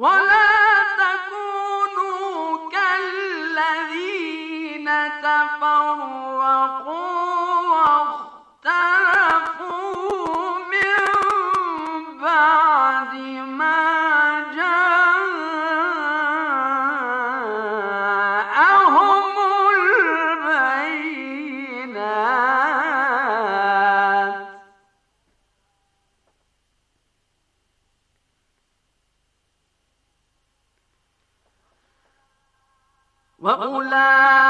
ولا وأولئك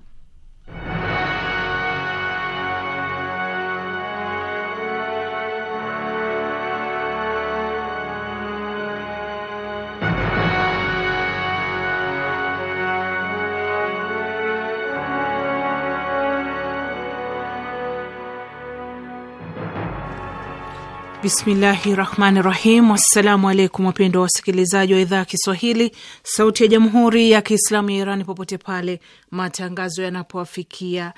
Bismillahi rahmani rahim. Assalamu alaikum wapendo wa wasikilizaji wa idhaa ya Kiswahili sauti ya jamhuri ya Kiislamu ya Iran popote pale matangazo yanapowafikia,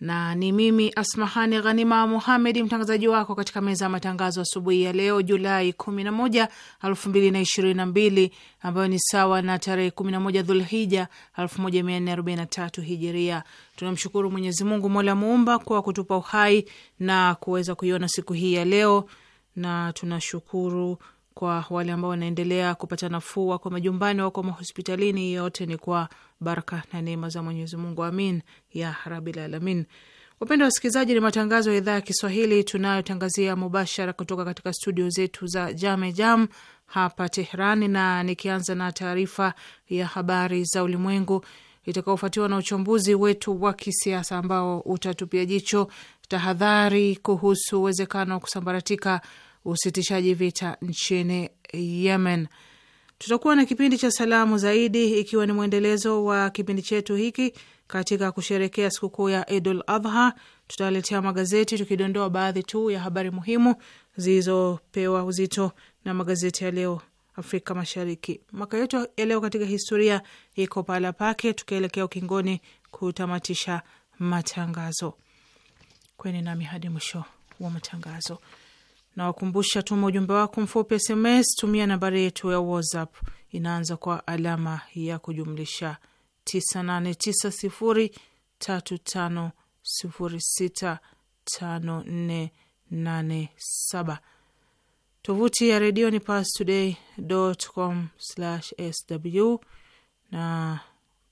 na ni mimi Asmahani Ghanima Muhamedi, mtangazaji wako katika meza ya matangazo asubuhi ya leo Julai 11, 2022 ambayo ni sawa na tarehe 11 Dhulhija 1443 Hijiria. Tunamshukuru Mwenyezi Mungu mola muumba kwa kutupa uhai na kuweza kuiona siku hii ya leo na tunashukuru kwa wale ambao wanaendelea kupata nafuu, wako majumbani, wako mahospitalini. Yote ni kwa baraka na neema za Mwenyezi Mungu, amin ya rabil alamin. Wapendwa wasikilizaji, ni matangazo ya idhaa ya Kiswahili tunayotangazia mubashara kutoka katika studio zetu za Jame Jam hapa Tehran, na nikianza na taarifa ya habari za ulimwengu itakaofuatiwa na uchambuzi wetu wa kisiasa ambao utatupia jicho tahadhari kuhusu uwezekano wa kusambaratika usitishaji vita nchini Yemen. Tutakuwa na kipindi cha salamu zaidi, ikiwa ni mwendelezo wa kipindi chetu hiki katika kusherekea sikukuu ya Idul Adha. Tutawaletea magazeti tukidondoa baadhi tu ya habari muhimu zilizopewa uzito na magazeti ya leo Afrika Mashariki. Maka yetu ya leo katika historia iko pahala pake, tukielekea ukingoni kutamatisha matangazo. Kweni nami hadi mwisho wa matangazo. Nawakumbusha, tuma ujumbe wako mfupi SMS, tumia nambari yetu ya WhatsApp inaanza kwa alama ya kujumlisha 989035065487. Tovuti ya redio ni pastoday.com sw, na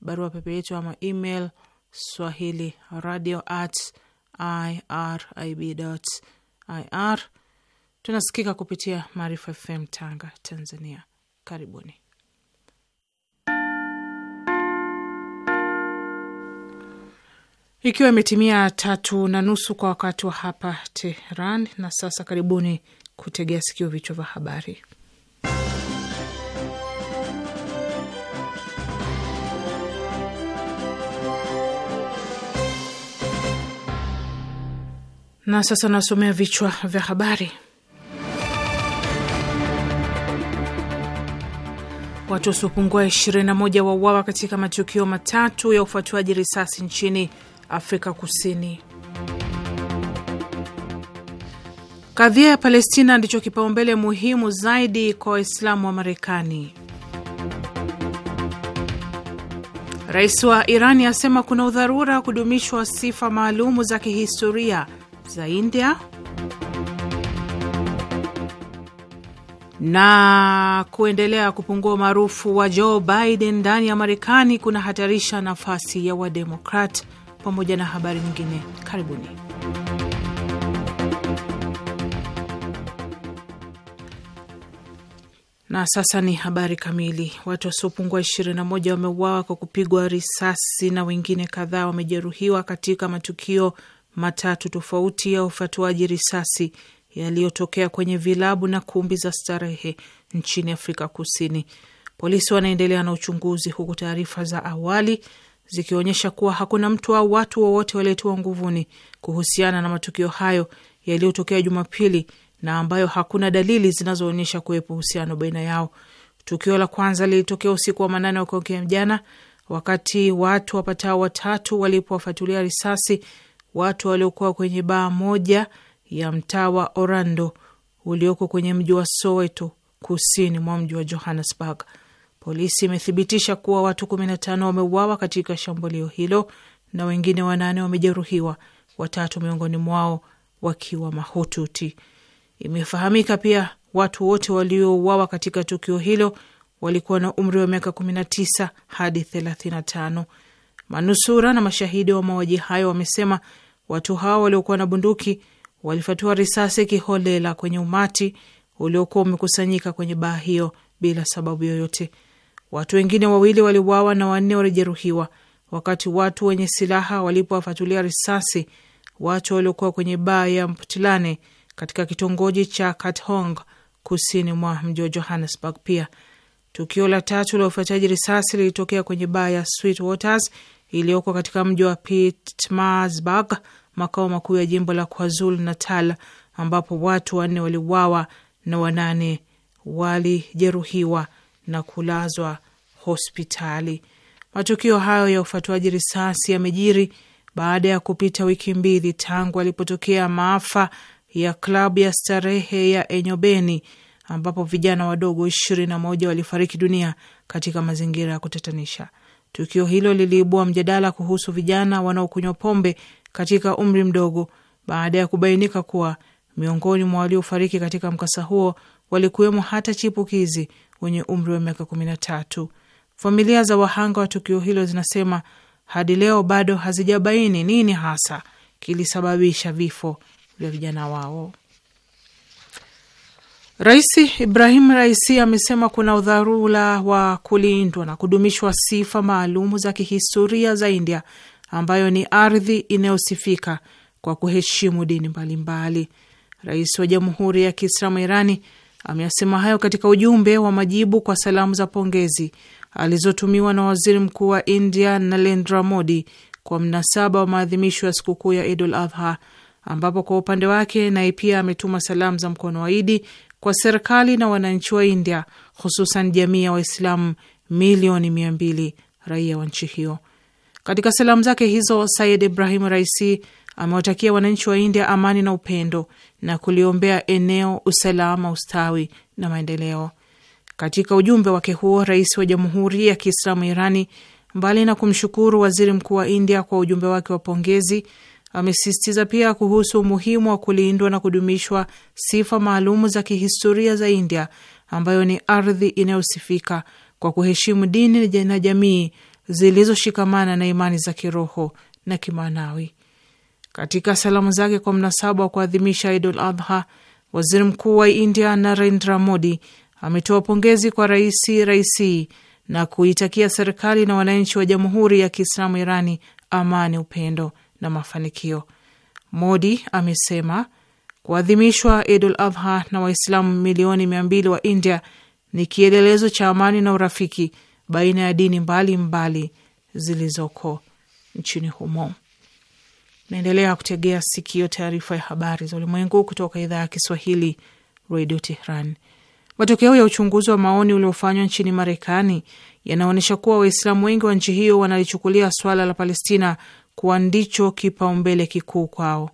barua pepe yetu ama email swahili radio at irib ir Tunasikika kupitia Maarifa FM Tanga, Tanzania. Karibuni. Ikiwa imetimia tatu na nusu kwa wakati wa hapa Tehran, na sasa karibuni kutegea sikio vichwa vya habari. Na sasa nasomea vichwa vya habari. Watu wasiopungua 21 wauawa katika matukio matatu ya ufuatiaji risasi nchini Afrika Kusini. Kadhia ya Palestina ndicho kipaumbele muhimu zaidi kwa Waislamu wa Marekani. Rais wa Irani asema kuna udharura wa kudumishwa sifa maalumu za kihistoria za India. na kuendelea kupungua umaarufu wa Joe Biden ndani ya Marekani kunahatarisha nafasi ya Wademokrat pamoja na habari nyingine. Karibuni. Na sasa ni habari kamili. Watu wasiopungua 21 wameuawa kwa kupigwa risasi na wengine kadhaa wamejeruhiwa katika matukio matatu tofauti ya ufatuaji risasi yaliyotokea kwenye vilabu na kumbi za starehe nchini Afrika Kusini. Polisi wanaendelea na uchunguzi, huku taarifa za awali zikionyesha kuwa hakuna mtu au watu wowote waliotiwa nguvuni kuhusiana na matukio hayo yaliyotokea Jumapili na ambayo hakuna dalili zinazoonyesha kuwepo uhusiano baina yao. Tukio la kwanza lilitokea usiku wa manane wa kuamkia jana, wakati watu wapatao watatu walipowafatulia risasi watu waliokuwa kwenye baa moja ya mtaa wa Orlando ulioko kwenye mji wa Soweto kusini mwa mji wa Johannesburg. Polisi imethibitisha kuwa watu 15 wameuawa katika shambulio hilo na wengine wanane wamejeruhiwa, watatu miongoni mwao wakiwa mahututi. Imefahamika pia watu wote waliouawa katika tukio hilo walikuwa na umri wa miaka 19 hadi 35. Manusura na mashahidi wa mauaji hayo wamesema watu hao waliokuwa na bunduki walifatua risasi kiholela kwenye umati uliokuwa umekusanyika kwenye baa hiyo bila sababu yoyote. Watu wengine wawili waliuawa na wanne walijeruhiwa wakati watu wenye silaha walipowafatulia risasi watu waliokuwa kwenye baa ya Mputlane katika kitongoji cha Kathong kusini mwa mji wa Johannesburg. Pia tukio la tatu la ufuataji risasi lilitokea kwenye baa ya Sweet Waters iliyoko katika mji wa Pietermaritzburg makao makuu ya jimbo la KwaZulu Natal, ambapo watu wanne waliuawa na wanane walijeruhiwa na kulazwa hospitali. Matukio hayo ya ufatuaji risasi yamejiri baada ya kupita wiki mbili tangu alipotokea maafa ya klabu ya starehe ya Enyobeni ambapo vijana wadogo ishirini na moja walifariki dunia katika mazingira ya kutatanisha. Tukio hilo liliibua mjadala kuhusu vijana wanaokunywa pombe katika umri mdogo baada ya kubainika kuwa miongoni mwa waliofariki katika mkasa huo walikuwemo hata chipukizi wenye umri wa miaka kumi na tatu. Familia za wahanga wa tukio hilo zinasema hadi leo bado hazijabaini nini hasa kilisababisha vifo vya vijana wao. Rais Ibrahim Raisi amesema kuna udharura wa kulindwa na kudumishwa sifa maalumu za kihistoria za India ambayo ni ardhi inayosifika kwa kuheshimu dini mbalimbali. Rais wa Jamhuri ya Kiislamu Irani ameyasema hayo katika ujumbe wa majibu kwa salamu za pongezi alizotumiwa na waziri mkuu wa India Narendra Modi kwa mnasaba wa maadhimisho ya sikukuu ya Idul Adha, ambapo kwa upande wake naye pia ametuma salamu za mkono wa idi kwa serikali na wananchi wa India, hususan jamii ya Waislamu milioni mia mbili raia wa nchi hiyo. Katika salamu zake hizo, Sayid Ibrahim Raisi amewatakia wananchi wa India amani na upendo na kuliombea eneo usalama, ustawi na maendeleo. Katika ujumbe wake huo, rais wa Jamhuri ya Kiislamu Irani, mbali na kumshukuru waziri mkuu wa India kwa ujumbe wake wa pongezi, amesisitiza pia kuhusu umuhimu wa kulindwa na kudumishwa sifa maalumu za kihistoria za India, ambayo ni ardhi inayosifika kwa kuheshimu dini na jamii zilizoshikamana na imani za kiroho na kimaanawi. Katika salamu zake kwa mnasaba wa kuadhimisha Idul Adha, waziri mkuu wa India Narendra Modi ametoa pongezi kwa raisi raisi na kuitakia serikali na wananchi wa Jamhuri ya Kiislamu Irani amani, upendo na mafanikio. Modi amesema kuadhimishwa Idul Adha na Waislamu milioni mia mbili wa India ni kielelezo cha amani na urafiki baina ya dini mbalimbali zilizoko nchini humo. Naendelea kutegea sikio taarifa ya habari za ulimwengu kutoka idhaa ya Kiswahili, Radio Tehran. Matokeo ya uchunguzi wa maoni uliofanywa nchini Marekani yanaonyesha kuwa Waislamu wengi wa nchi hiyo wanalichukulia swala la Palestina kuwa ndicho kipaumbele kikuu kwao.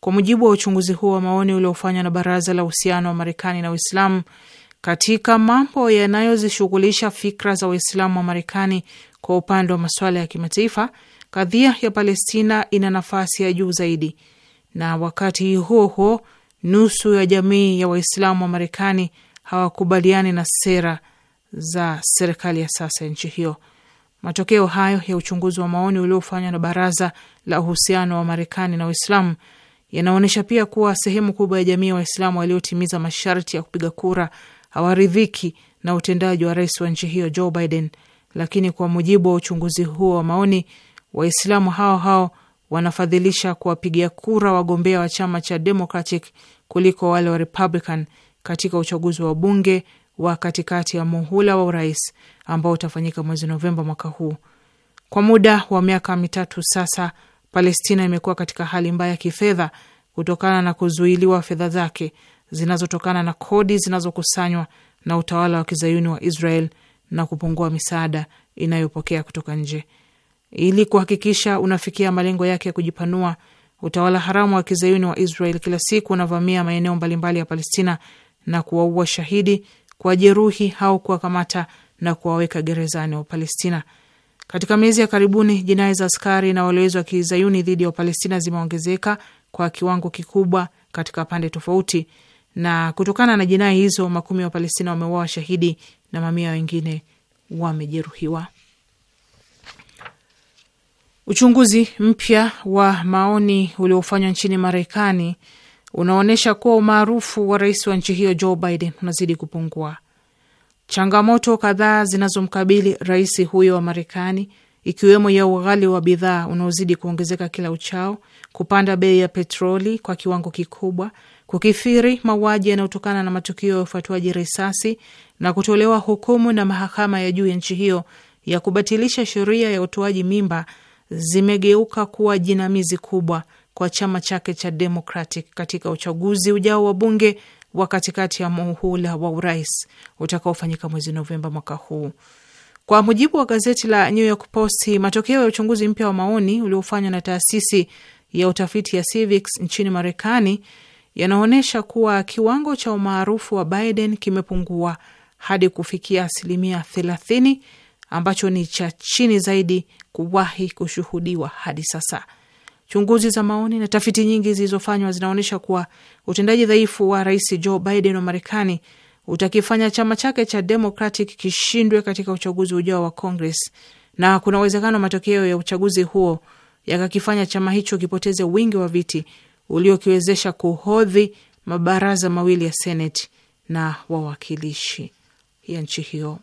Kwa mujibu wa uchunguzi huo wa maoni uliofanywa na Baraza la Uhusiano wa Marekani na Uislamu, katika mambo yanayozishughulisha fikra za Waislamu wa Marekani kwa upande wa masuala ya kimataifa, kadhia ya Palestina ina nafasi ya juu zaidi, na wakati huo huo nusu ya jamii ya Waislamu wa Marekani hawakubaliani na sera za serikali ya sasa ya nchi hiyo. Matokeo hayo ya uchunguzi wa maoni uliofanywa na Baraza la Uhusiano wa Marekani na Waislamu yanaonyesha pia kuwa sehemu kubwa ya jamii ya Waislamu waliotimiza masharti ya kupiga kura hawaridhiki na utendaji wa rais wa nchi hiyo Joe Biden, lakini kwa mujibu wa uchunguzi huo wa maoni, Waislamu hao hao wanafadhilisha kuwapigia kura wagombea wa chama cha Democratic kuliko wale wa Republican katika uchaguzi wa bunge wa katikati ya muhula wa urais ambao utafanyika mwezi Novemba mwaka huu. Kwa muda wa miaka mitatu sasa, Palestina imekuwa katika hali mbaya ya kifedha kutokana na kuzuiliwa fedha zake zinazotokana na kodi zinazokusanywa na utawala wa kizayuni wa Israel na kupungua misaada inayopokea kutoka nje. Ili kuhakikisha unafikia malengo yake ya kujipanua, utawala haramu wa kizayuni wa Israel kila siku unavamia maeneo mbalimbali ya Palestina na kuwaua shahidi, kuwajeruhi au kuwakamata na kuwaweka gerezani wa Palestina. Katika miezi ya karibuni, jinai za askari na walowezi wa kizayuni dhidi ya Wapalestina zimeongezeka kwa kiwango kikubwa katika pande tofauti na kutokana na jinai hizo makumi ya Wapalestina wameuawa washahidi na mamia wengine wamejeruhiwa. Uchunguzi mpya wa maoni uliofanywa nchini Marekani unaonyesha kuwa umaarufu wa rais wa nchi hiyo Joe Biden unazidi kupungua. Changamoto kadhaa zinazomkabili rais huyo wa Marekani, ikiwemo ya ughali wa bidhaa unaozidi kuongezeka kila uchao, kupanda bei ya petroli kwa kiwango kikubwa kukithiri mauaji yanayotokana na matukio ya ufuatuaji risasi na kutolewa hukumu na mahakama ya juu ya nchi hiyo ya kubatilisha sheria ya utoaji mimba zimegeuka kuwa jinamizi kubwa kwa chama chake cha Democratic katika uchaguzi ujao wa bunge wa katikati ya muhula wa urais utakaofanyika mwezi Novemba mwaka huu. Kwa mujibu wa gazeti la New York Post, matokeo ya uchunguzi mpya wa maoni uliofanywa na taasisi ya utafiti ya Civics nchini Marekani yanaonyesha kuwa kiwango cha umaarufu wa Biden kimepungua hadi kufikia asilimia 30 ambacho ni cha chini zaidi kuwahi kushuhudiwa hadi sasa. Chunguzi za maoni na tafiti nyingi zilizofanywa zinaonyesha kuwa utendaji dhaifu wa rais Joe Biden wa Marekani utakifanya chama chake cha Democratic kishindwe katika uchaguzi ujao wa Congress, na kuna uwezekano matokeo ya uchaguzi huo yakakifanya chama hicho kipoteze wingi wa viti uliokiwezesha kuhodhi mabaraza mawili ya seneti na wawakilishi ya nchi hiyo.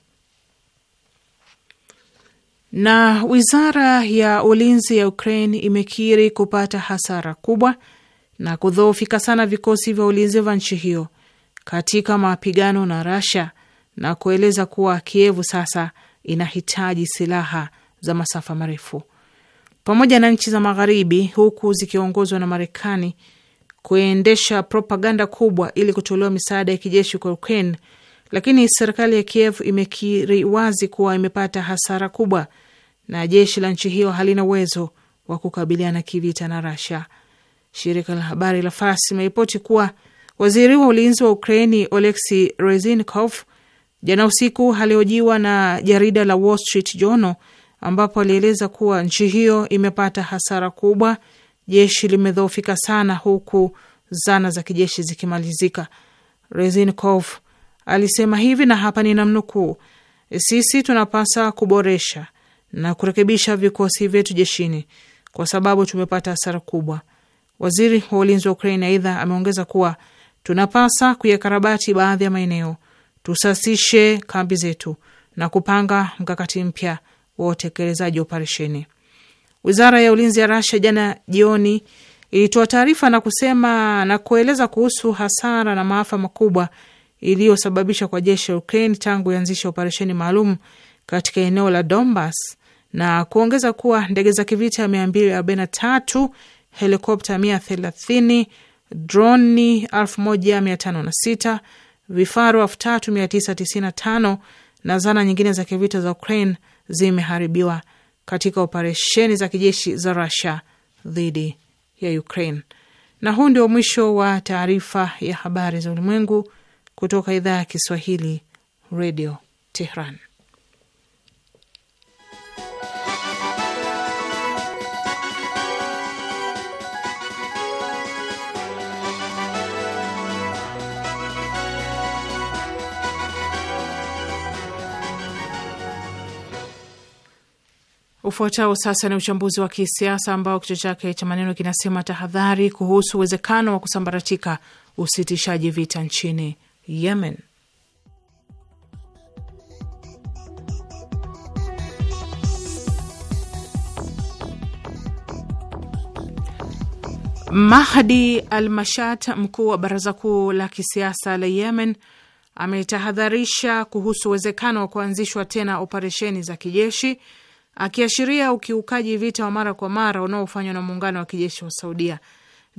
Na wizara ya ulinzi ya Ukraine imekiri kupata hasara kubwa na kudhoofika sana vikosi vya ulinzi vya nchi hiyo katika mapigano na Russia na kueleza kuwa Kievu sasa inahitaji silaha za masafa marefu pamoja na nchi za Magharibi, huku zikiongozwa na Marekani, kuendesha propaganda kubwa ili kutolewa misaada ya kijeshi kwa Ukraine, lakini serikali ya Kiev imekiri wazi kuwa imepata hasara kubwa na jeshi la nchi hiyo halina uwezo wa kukabiliana kivita na rasia Shirika la habari la Fars imeripoti kuwa waziri wa ulinzi wa Ukraini Oleksi Reznikov jana usiku aliojiwa na jarida la Wall Street Journal ambapo alieleza kuwa nchi hiyo imepata hasara kubwa, jeshi limedhoofika sana, huku zana za kijeshi zikimalizika. Reznikov alisema hivi na hapa ninamnukuu: sisi tunapasa kuboresha na kurekebisha vikosi vyetu jeshini kwa sababu tumepata hasara kubwa. Waziri wa ulinzi wa Ukraine aidha ameongeza kuwa tunapasa kuyakarabati baadhi ya maeneo, tusasishe kambi zetu na kupanga mkakati mpya wa utekelezaji wa operesheni. Wizara ya ulinzi ya Rasia jana jioni ilitoa taarifa na kusema na kueleza kuhusu hasara na maafa makubwa iliyosababisha kwa jeshi la Ukraine tangu ianzishe operesheni maalum katika eneo la Donbas na kuongeza kuwa ndege za kivita 243, helikopta 130, droni 1506, vifaru 3995 na zana nyingine za kivita za Ukraine zimeharibiwa katika operesheni za kijeshi za rusia dhidi ya Ukraine. Na huu ndio mwisho wa taarifa ya habari za ulimwengu kutoka idhaa ya Kiswahili, Radio Tehran. Ufuatao sasa ni uchambuzi wa kisiasa ambao kichwa chake cha maneno kinasema tahadhari kuhusu uwezekano wa kusambaratika usitishaji vita nchini Yemen. Mahdi al-Mashat, mkuu wa baraza kuu la kisiasa la Yemen, ametahadharisha kuhusu uwezekano wa kuanzishwa tena operesheni za kijeshi akiashiria ukiukaji vita wa mara kwa mara unaofanywa na muungano wa kijeshi wa Saudia.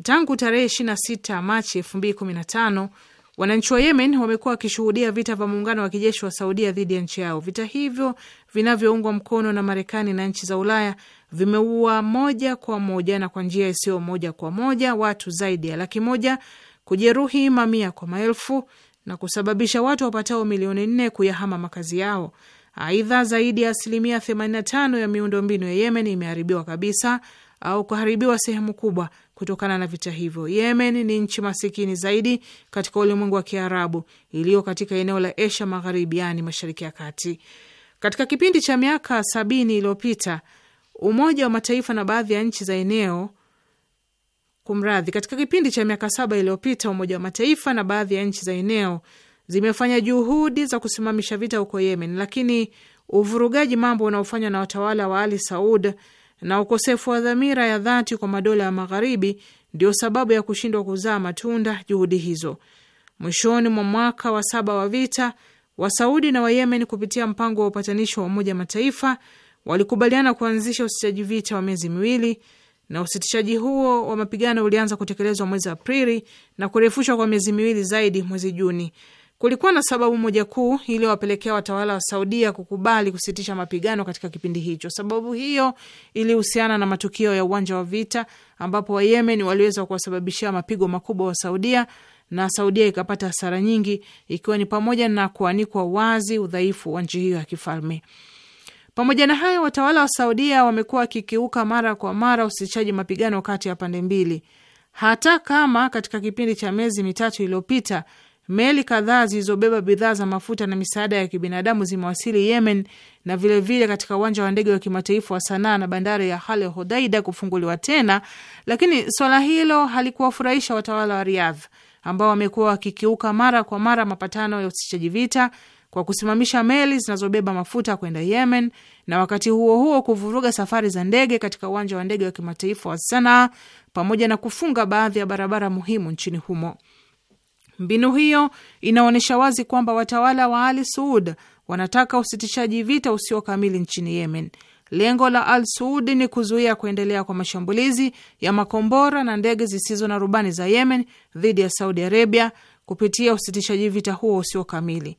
Tangu tarehe 26 Machi 2015 wananchi wa Yemen wamekuwa wakishuhudia vita vya muungano wa kijeshi wa Saudia dhidi ya nchi yao. Vita hivyo vinavyoungwa mkono na Marekani na nchi za Ulaya vimeua moja kwa moja na kwa njia isiyo moja kwa moja watu zaidi ya laki moja, kujeruhi mamia kwa maelfu na kusababisha watu wapatao milioni nne kuyahama makazi yao. Aidha, zaidi ya asilimia 85 ya miundombinu ya Yemen imeharibiwa kabisa au kuharibiwa sehemu kubwa kutokana na vita hivyo. Yemen ni nchi masikini zaidi katika ulimwengu wa Kiarabu iliyo katika eneo la Asia Magharibi, yaani Mashariki ya Kati. Katika kipindi cha miaka sabini iliyopita, Umoja wa Mataifa na baadhi ya nchi za eneo kumradhi, katika kipindi cha miaka saba iliyopita, Umoja wa Mataifa na baadhi ya nchi za eneo zimefanya juhudi za kusimamisha vita huko Yemen, lakini uvurugaji mambo unaofanywa na watawala wa Ali Saud na ukosefu wa dhamira ya dhati kwa madola ya Magharibi ndio sababu ya kushindwa kuzaa matunda juhudi hizo. Mwishoni mwa mwaka wa saba wa vita, Wasaudi na Wayemen kupitia mpango wa upatanishi wa Umoja Mataifa walikubaliana kuanzisha usitishaji vita wa miezi miwili, na usitishaji huo wa mapigano ulianza kutekelezwa mwezi Aprili na kurefushwa kwa miezi miwili zaidi mwezi Juni. Kulikuwa na sababu moja kuu iliyowapelekea watawala wa Saudia kukubali kusitisha mapigano katika kipindi hicho. Sababu hiyo ilihusiana na matukio ya uwanja wa vita ambapo Wayemen waliweza kuwasababishia mapigo makubwa wa Saudia na Saudia ikapata hasara nyingi, ikiwa ni pamoja na kuanikwa wazi udhaifu wa nchi hiyo ya kifalme. Pamoja na hayo, watawala wa Saudia wamekuwa wakikiuka mara kwa mara usitishaji mapigano kati ya pande mbili, hata kama katika kipindi cha miezi mitatu iliyopita Meli kadhaa zilizobeba bidhaa za mafuta na misaada ya kibinadamu zimewasili Yemen na vilevile vile katika uwanja wa ndege wa kimataifa wa Sanaa na bandari ya Hale Hodaida kufunguliwa tena, lakini swala hilo halikuwafurahisha watawala wa riadh ambao wamekuwa wakikiuka mara kwa mara mapatano ya usitishaji vita kwa kusimamisha meli zinazobeba mafuta kwenda Yemen na wakati huo huo kuvuruga safari za ndege katika uwanja wa ndege wa kimataifa wa Sanaa pamoja na kufunga baadhi ya barabara muhimu nchini humo. Mbinu hiyo inaonyesha wazi kwamba watawala wa Al Suud wanataka usitishaji vita usio kamili nchini Yemen. Lengo la Al Suud ni kuzuia kuendelea kwa mashambulizi ya makombora na ndege zisizo na rubani za Yemen dhidi ya Saudi Arabia kupitia usitishaji vita huo usio kamili.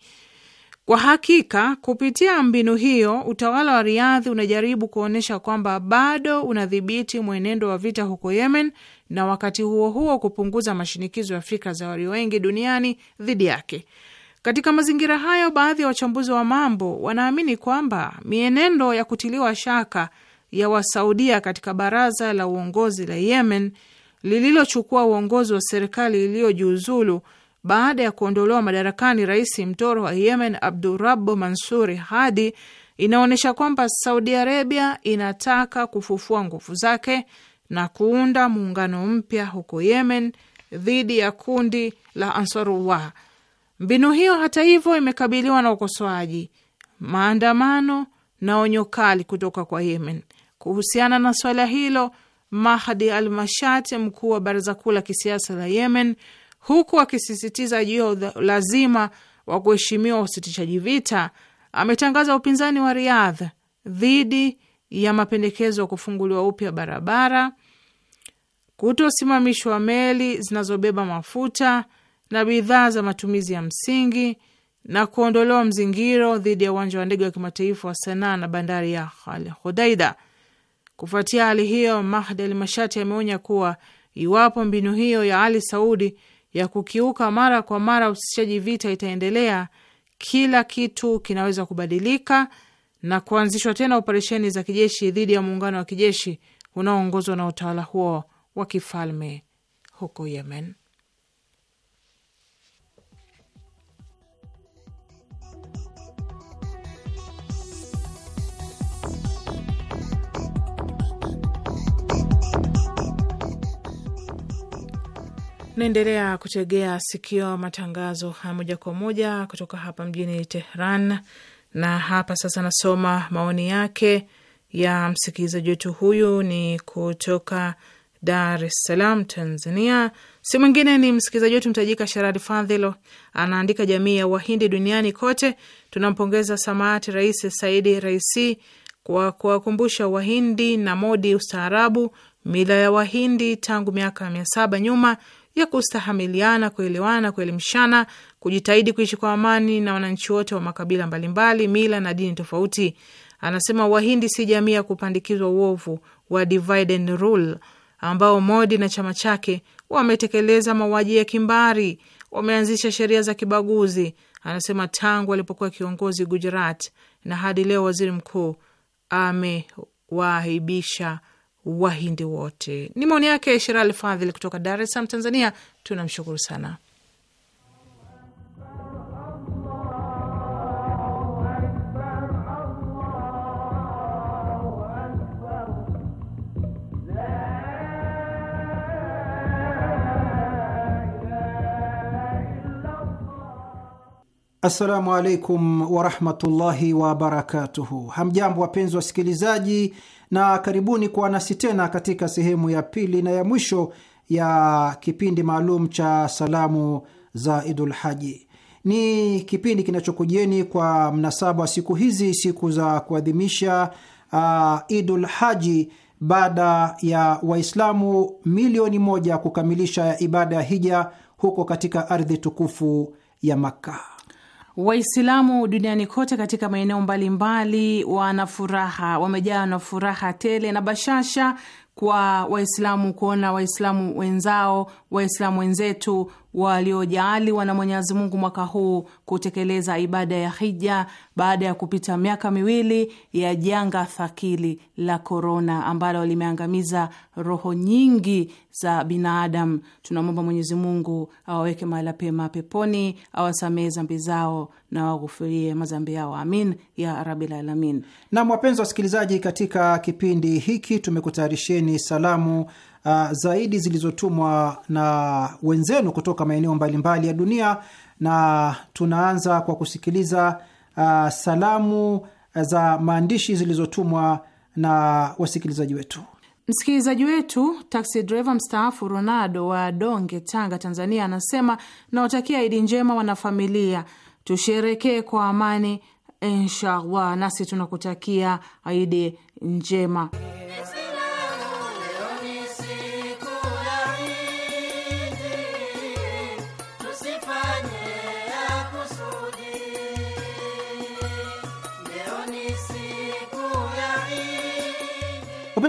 Kwa hakika, kupitia mbinu hiyo utawala wa Riadhi unajaribu kuonyesha kwamba bado unadhibiti mwenendo wa vita huko Yemen na wakati huo huo kupunguza mashinikizo ya fikra za walio wengi duniani dhidi yake. Katika mazingira hayo, baadhi ya wachambuzi wa mambo wanaamini kwamba mienendo ya kutiliwa shaka ya wasaudia katika baraza la uongozi la Yemen lililochukua uongozi wa serikali iliyojiuzulu baada ya kuondolewa madarakani rais mtoro wa Yemen abdurabu Mansuri Hadi inaonyesha kwamba Saudi Arabia inataka kufufua nguvu zake na kuunda muungano mpya huko Yemen dhidi ya kundi la Ansarullah. Mbinu hiyo hata hivyo imekabiliwa na ukosoaji, maandamano na onyo kali kutoka kwa Yemen kuhusiana na swala hilo. Mahdi al Mashat, mkuu wa baraza kuu la kisiasa la Yemen, huku akisisitiza juu ya lazima wa kuheshimiwa usitishaji vita, ametangaza upinzani wa Riadh dhidi ya mapendekezo ya kufunguliwa upya barabara, kutosimamishwa meli zinazobeba mafuta na bidhaa za matumizi ya msingi na kuondolewa mzingiro dhidi ya uwanja wa ndege wa kimataifa wa Sanaa na bandari ya Al Hudaida. Kufuatia hali hiyo, Mahd Al Mashati ameonya kuwa iwapo mbinu hiyo ya Ali Saudi ya kukiuka mara kwa mara usitishaji vita itaendelea, kila kitu kinaweza kubadilika na kuanzishwa tena operesheni za kijeshi dhidi ya muungano wa kijeshi unaoongozwa na utawala huo wa kifalme huko Yemen. Naendelea kutegea sikio matangazo haya moja kwa moja kutoka hapa mjini Tehran. Na hapa sasa nasoma maoni yake ya msikilizaji wetu. Huyu ni kutoka Dar es Salaam, Tanzania. Si mwingine ni msikilizaji wetu mtajika Sharadi Fadhilo, anaandika jamii ya Wahindi duniani kote tunampongeza samaati Rais Saidi Raisi kwa kuwakumbusha Wahindi na Modi ustaarabu mila ya Wahindi tangu miaka mia saba nyuma ya kustahamiliana, kuelewana, kuelimishana, kujitahidi kuishi kwa amani na wananchi wote wa makabila mbalimbali, mila na dini tofauti. Anasema Wahindi si jamii ya kupandikizwa uovu wa divide and rule ambao Modi na chama chake wametekeleza mauaji ya kimbari, wameanzisha sheria za kibaguzi. Anasema tangu alipokuwa kiongozi Gujarat na hadi leo waziri mkuu amewahibisha Wahindi wote. Ni maoni yake Sherali Fadhili kutoka Dar es Salaam, Tanzania. Tunamshukuru sana. Assalamu alaikum warahmatullahi wabarakatuhu. Hamjambo wapenzi wasikilizaji, na karibuni kuwa nasi tena katika sehemu ya pili na ya mwisho ya kipindi maalum cha salamu za Idul Haji. Ni kipindi kinachokujieni kwa mnasaba wa siku hizi, siku za kuadhimisha uh, Idul Haji baada ya Waislamu milioni moja kukamilisha ibada ya hija huko katika ardhi tukufu ya Makka. Waislamu duniani kote katika maeneo mbalimbali wana furaha, wamejaa na furaha tele na bashasha kwa Waislamu kuona Waislamu wenzao Waislamu wenzetu waliojaaliwa na Mwenyezi Mungu mwaka huu kutekeleza ibada ya hija baada ya kupita miaka miwili ya janga thakili la korona ambalo limeangamiza roho nyingi za binadamu. Tunamwomba Mwenyezi Mungu awaweke mahala pema peponi, awasamehe zambi zao na waghufurie mazambi yao, amin ya rabbil alamin. Nam, wapenzi wasikilizaji, katika kipindi hiki tumekutayarisheni salamu uh, zaidi zilizotumwa na wenzenu kutoka maeneo mbalimbali ya dunia, na tunaanza kwa kusikiliza uh, salamu za maandishi zilizotumwa na wasikilizaji wetu. Msikilizaji wetu taksi dreva mstaafu Ronaldo wa Donge, Tanga, Tanzania, anasema nawatakia Idi njema wanafamilia, tusherekee kwa amani inshallah. Nasi tunakutakia Idi njema.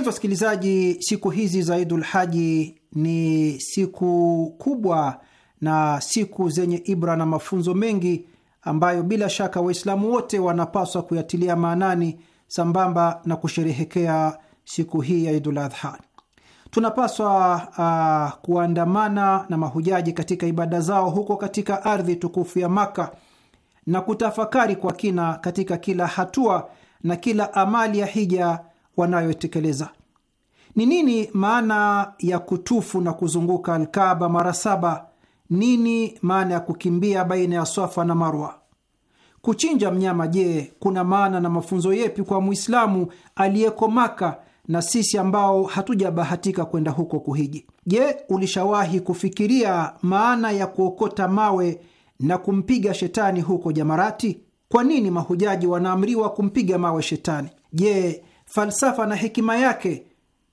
hivyo, wasikilizaji, siku hizi za Idul Haji ni siku kubwa na siku zenye ibra na mafunzo mengi ambayo bila shaka Waislamu wote wanapaswa kuyatilia maanani sambamba na kusherehekea siku hii ya Idul Adha. Tunapaswa uh, kuandamana na mahujaji katika ibada zao huko katika ardhi tukufu ya Maka na kutafakari kwa kina katika kila hatua na kila amali ya hija wanayotekeleza. Ni nini maana ya kutufu na kuzunguka Alkaba mara saba? Nini maana ya kukimbia baina ya Swafa na Marwa? Kuchinja mnyama, je, kuna maana na mafunzo yepi kwa Muislamu aliyeko Maka na sisi ambao hatujabahatika kwenda huko kuhiji? Je, ulishawahi kufikiria maana ya kuokota mawe na kumpiga shetani huko Jamarati? Kwa nini mahujaji wanaamriwa kumpiga mawe shetani? Je, falsafa na hekima yake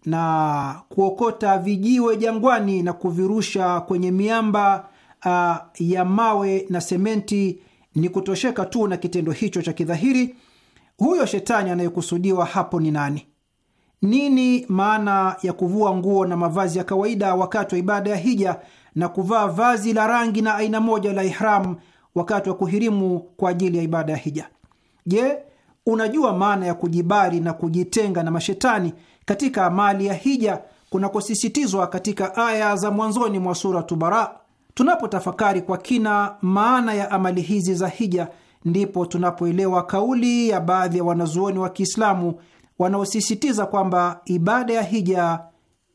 na kuokota vijiwe jangwani na kuvirusha kwenye miamba uh, ya mawe na sementi ni kutosheka tu na kitendo hicho cha kidhahiri. Huyo shetani anayekusudiwa hapo ni nani? Nini maana ya kuvua nguo na mavazi ya kawaida wakati wa ibada ya hija na kuvaa vazi la rangi na aina moja la ihram wakati wa kuhirimu kwa ajili ya ibada ya hija? Je, unajua maana ya kujibari na kujitenga na mashetani katika amali ya hija kunakosisitizwa katika aya za mwanzoni mwa Suratu Bara. Tunapotafakari kwa kina maana ya amali hizi za hija, ndipo tunapoelewa kauli ya baadhi ya wanazuoni wa Kiislamu wanaosisitiza kwamba ibada ya hija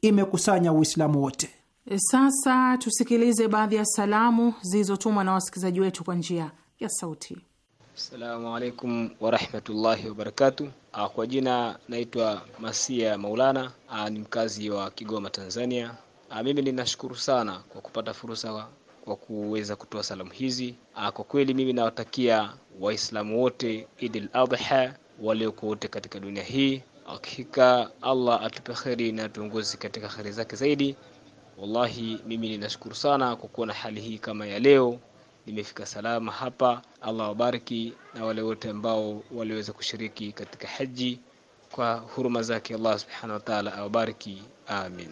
imekusanya Uislamu wote. E, sasa tusikilize baadhi ya salamu zilizotumwa na wasikilizaji wetu kwa njia ya sauti. Assalamu alaikum warahmatullahi wabarakatu. Ah, kwa jina naitwa Masia Maulana, ah, ni mkazi wa Kigoma, Tanzania. Ah, mimi ninashukuru sana kwa kupata fursa kwa kuweza kutoa salamu hizi. Kwa kweli mimi nawatakia Waislamu wote al Adha walioko wote katika dunia hii. Hakika Allah atupe kheri na tuongozi katika kheri zake zaidi. Wallahi mimi ninashukuru sana kwa kuona hali hii kama ya leo nimefika salama hapa. Allah wabariki na wale wote ambao waliweza kushiriki katika haji kwa huruma zake Allah subhanahu wa ta'ala awabariki, amin.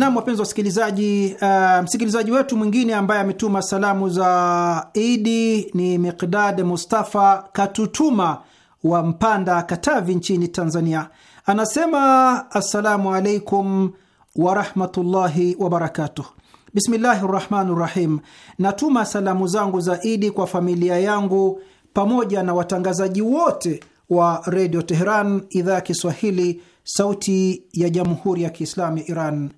Nam, wapenzi wasikilizaji, uh, msikilizaji wetu mwingine ambaye ametuma salamu za Idi ni Miqdad Mustafa Katutuma wa Mpanda, Katavi nchini Tanzania. Anasema assalamu alaikum warahmatullahi wabarakatuh. Bismillahi rahmani rahim. Natuma salamu zangu za Idi kwa familia yangu pamoja na watangazaji wote wa Redio Teheran, idhaa ya Kiswahili, sauti ya jamhuri ya kiislamu ya Iran.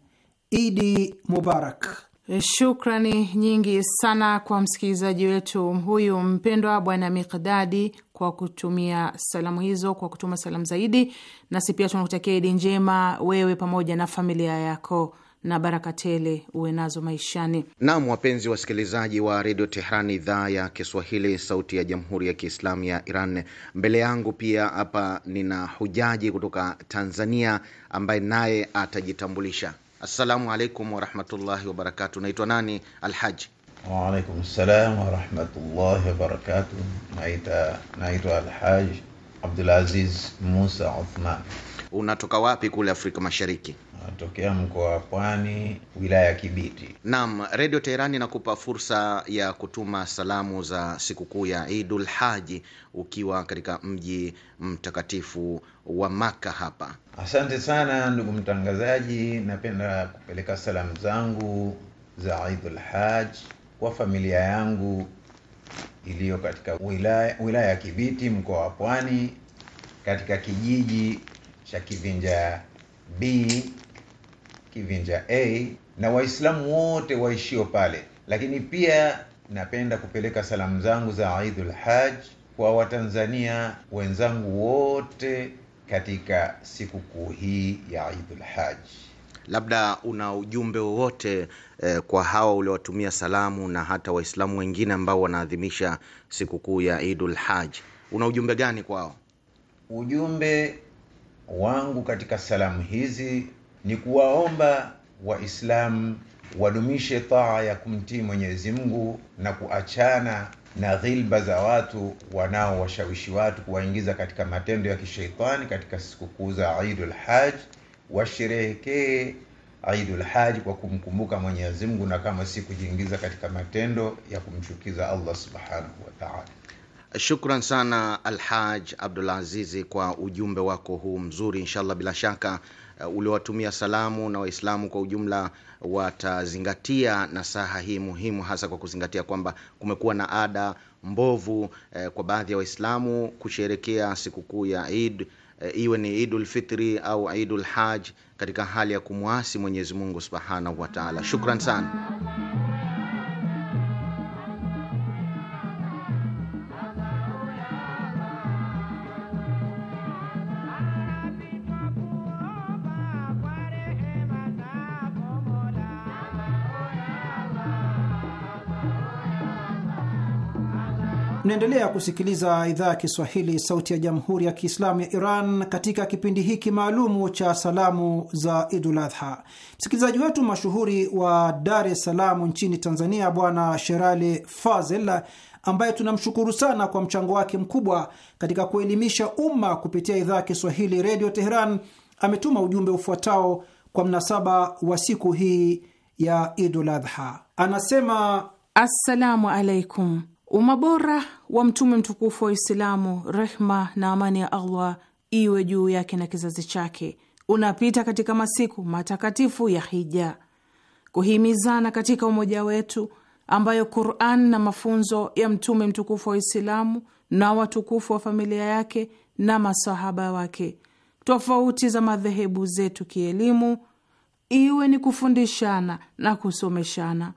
Idi Mubarak. Eh, shukrani nyingi sana kwa msikilizaji wetu huyu mpendwa Bwana Mikdadi kwa kutumia salamu hizo, kwa kutuma salamu zaidi. Nasi pia tunakutakia Idi njema wewe pamoja na familia yako na baraka tele uwe nazo maishani. Naam, wapenzi wasikilizaji wa redio Tehran, idhaa ya Kiswahili, sauti ya jamhuri ya kiislamu ya Iran. Mbele yangu pia hapa nina hujaji kutoka Tanzania ambaye naye atajitambulisha. Assalamu alaikum warahmatullahi wabarakatu. Naitwa nani? Alhaji. Waalaikum salam warahmatullahi wabarakatu. naitwa Alhaji Abdulaziz Musa Uthman. Unatoka wapi kule Afrika Mashariki? natokea mkoa wa Pwani, wilaya ya Kibiti. Naam, Redio Teherani inakupa fursa ya kutuma salamu za sikukuu ya Idul Haji ukiwa katika mji mtakatifu wa Maka hapa. Asante sana ndugu mtangazaji, napenda kupeleka salamu zangu za Idul haj kwa familia yangu iliyo katika wilaya, wilaya ya Kibiti mkoa wa Pwani katika kijiji cha Kivinja B Kivinja A na Waislamu wote waishio pale, lakini pia napenda kupeleka salamu zangu za Eidul Hajj kwa Watanzania wenzangu wote katika sikukuu hii ya Eidul Hajj. Labda una ujumbe wowote eh, kwa hawa uliowatumia salamu na hata Waislamu wengine ambao wanaadhimisha sikukuu ya Eidul Hajj, una ujumbe gani kwao? Ujumbe wangu katika salamu hizi ni kuwaomba Waislamu wadumishe taa ya kumtii Mwenyezi Mungu na kuachana na dhilba za watu wanaowashawishi watu kuwaingiza katika matendo ya kisheitani katika sikukuu za Idul Hajj. Washerehekee Idul Hajj kwa kumkumbuka Mwenyezi Mungu na kama si kujiingiza katika matendo ya kumchukiza Allah Subhanahu wa Ta'ala. Shukran sana Alhaj Abdulazizi kwa ujumbe wako huu mzuri, inshallah bila shaka Uh, uliowatumia salamu na Waislamu kwa ujumla watazingatia nasaha hii muhimu, hasa kwa kuzingatia kwamba kumekuwa na ada mbovu eh, kwa baadhi ya Waislamu kusherekea sikukuu ya Eid eh, iwe ni Idul Fitri au Idul Haj katika hali ya kumwasi Mwenyezi Mungu Subhanahu wa Ta'ala. Shukran sana. Mnaendelea kusikiliza idhaa ya Kiswahili, sauti ya jamhuri ya kiislamu ya Iran katika kipindi hiki maalumu cha salamu za Idul Adha. Msikilizaji wetu mashuhuri wa Dar es Salaam nchini Tanzania, Bwana Sherali Fazel, ambaye tunamshukuru sana kwa mchango wake mkubwa katika kuelimisha umma kupitia idhaa ya Kiswahili Redio Teheran, ametuma ujumbe ufuatao kwa mnasaba wa siku hii ya Idul Adha. Anasema, assalamu alaikum Umma bora wa mtume mtukufu wa Uislamu, rehma na amani ya Allah iwe juu yake na kizazi chake, unapita katika masiku matakatifu ya hija, kuhimizana katika umoja wetu, ambayo Quran na mafunzo ya mtume mtukufu wa Uislamu na watukufu wa familia yake na masahaba wake, tofauti za madhehebu zetu kielimu, iwe ni kufundishana na kusomeshana.